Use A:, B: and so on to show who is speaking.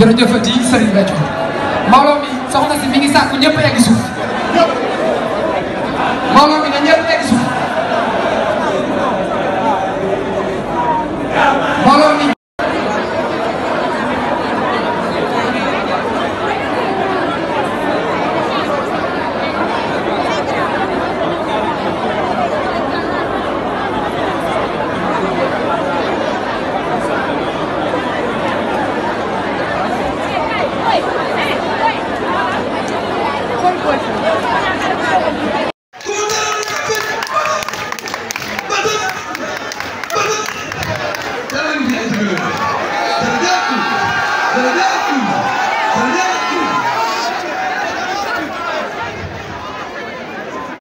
A: jërëjëfati Serigne Béthio
B: mbooloo mi soxna si mi ngi sàkku ñëpp egg
C: na ñëpp egg
D: Terima kasih.